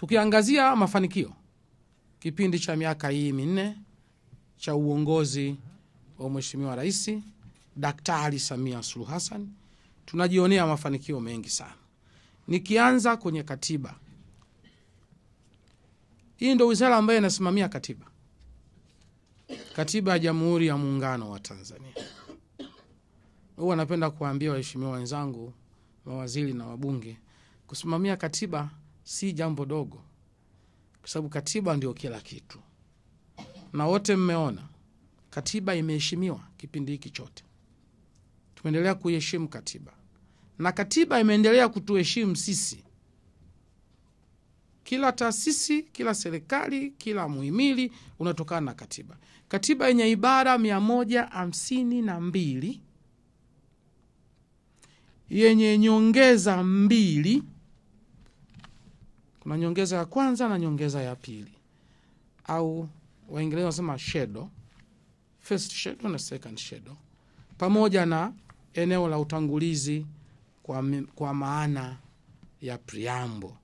tukiangazia mafanikio kipindi cha miaka hii minne cha uongozi wa mweshimiwa Rais Daktari Samia suluh hasan tunajionea mafanikio mengi sana. Nikianza kwenye katiba, hii ndo wizara ambayo inasimamia katiba, katiba ya Jamhuri ya Muungano wa Tanzania. huu wanapenda kuwaambia waheshimiwa wenzangu mawaziri na wabunge, kusimamia katiba si jambo dogo, kwa sababu katiba ndio kila kitu, na wote mmeona katiba imeheshimiwa kipindi hiki chote, tumeendelea kuiheshimu katiba na katiba imeendelea kutuheshimu sisi. Kila taasisi, kila serikali, kila muhimili unatokana na katiba. Katiba yenye ibara mia moja hamsini na mbili yenye nyongeza mbili kuna nyongeza ya kwanza na nyongeza ya pili, au Waingereza wanasema shadow, first shadow na second shadow, pamoja na eneo la utangulizi kwa, kwa maana ya priambo.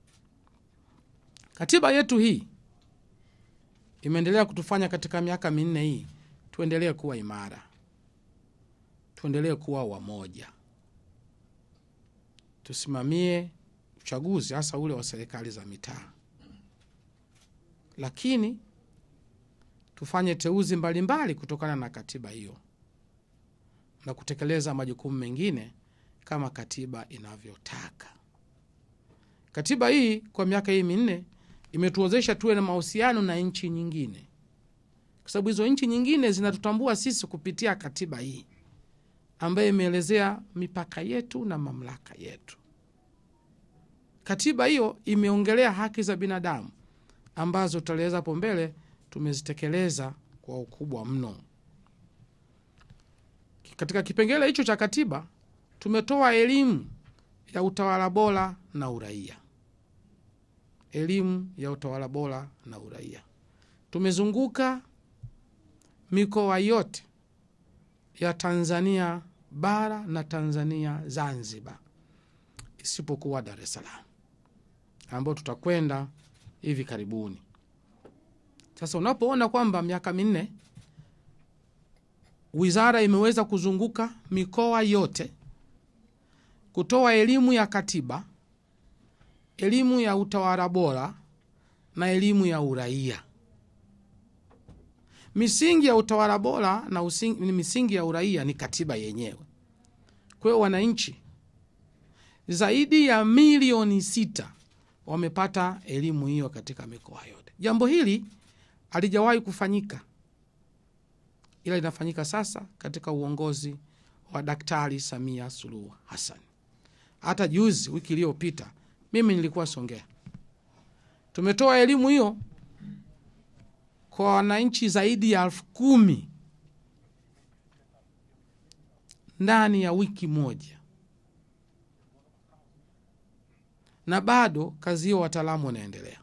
Katiba yetu hii imeendelea kutufanya katika miaka minne hii tuendelee kuwa imara, tuendelee kuwa wamoja, tusimamie uchaguzi hasa ule wa serikali za mitaa, lakini tufanye teuzi mbalimbali mbali kutokana na katiba hiyo na kutekeleza majukumu mengine kama katiba inavyotaka. Katiba hii kwa miaka hii minne imetuwezesha tuwe na mahusiano na nchi nyingine, kwa sababu hizo nchi nyingine zinatutambua sisi kupitia katiba hii ambayo imeelezea mipaka yetu na mamlaka yetu katiba hiyo imeongelea haki za binadamu ambazo tutaeleza hapo mbele tumezitekeleza kwa ukubwa mno katika kipengele hicho cha katiba tumetoa elimu ya utawala bora na uraia elimu ya utawala bora na uraia tumezunguka mikoa yote ya tanzania bara na tanzania zanzibar isipokuwa dar es salaam ambao tutakwenda hivi karibuni. Sasa unapoona kwamba miaka minne wizara imeweza kuzunguka mikoa yote kutoa elimu ya katiba, elimu ya utawala bora na elimu ya uraia. Misingi ya utawala bora na usingi, misingi ya uraia ni katiba yenyewe. Kwa hiyo wananchi zaidi ya milioni sita wamepata elimu hiyo katika mikoa yote. Jambo hili halijawahi kufanyika, ila linafanyika sasa katika uongozi wa Daktari Samia Suluhu Hassan. Hata juzi wiki iliyopita mimi nilikuwa Songea, tumetoa elimu hiyo kwa wananchi zaidi ya elfu kumi ndani ya wiki moja. na bado kazi hiyo wataalamu wanaendelea.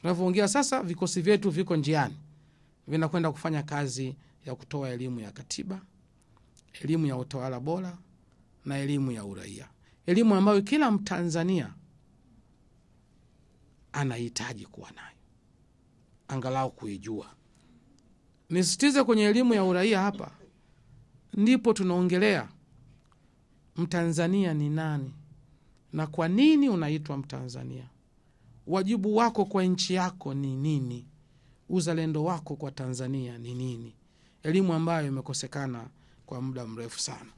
Tunavyoongea sasa, vikosi vyetu viko njiani, vinakwenda kufanya kazi ya kutoa elimu ya katiba, elimu ya utawala bora na elimu ya uraia, elimu ambayo kila Mtanzania anahitaji kuwa nayo, angalau kuijua. Nisisitize kwenye elimu ya uraia, hapa ndipo tunaongelea Mtanzania ni nani na kwa nini unaitwa Mtanzania, wajibu wako kwa nchi yako ni nini, uzalendo wako kwa Tanzania ni nini, elimu ambayo imekosekana kwa muda mrefu sana.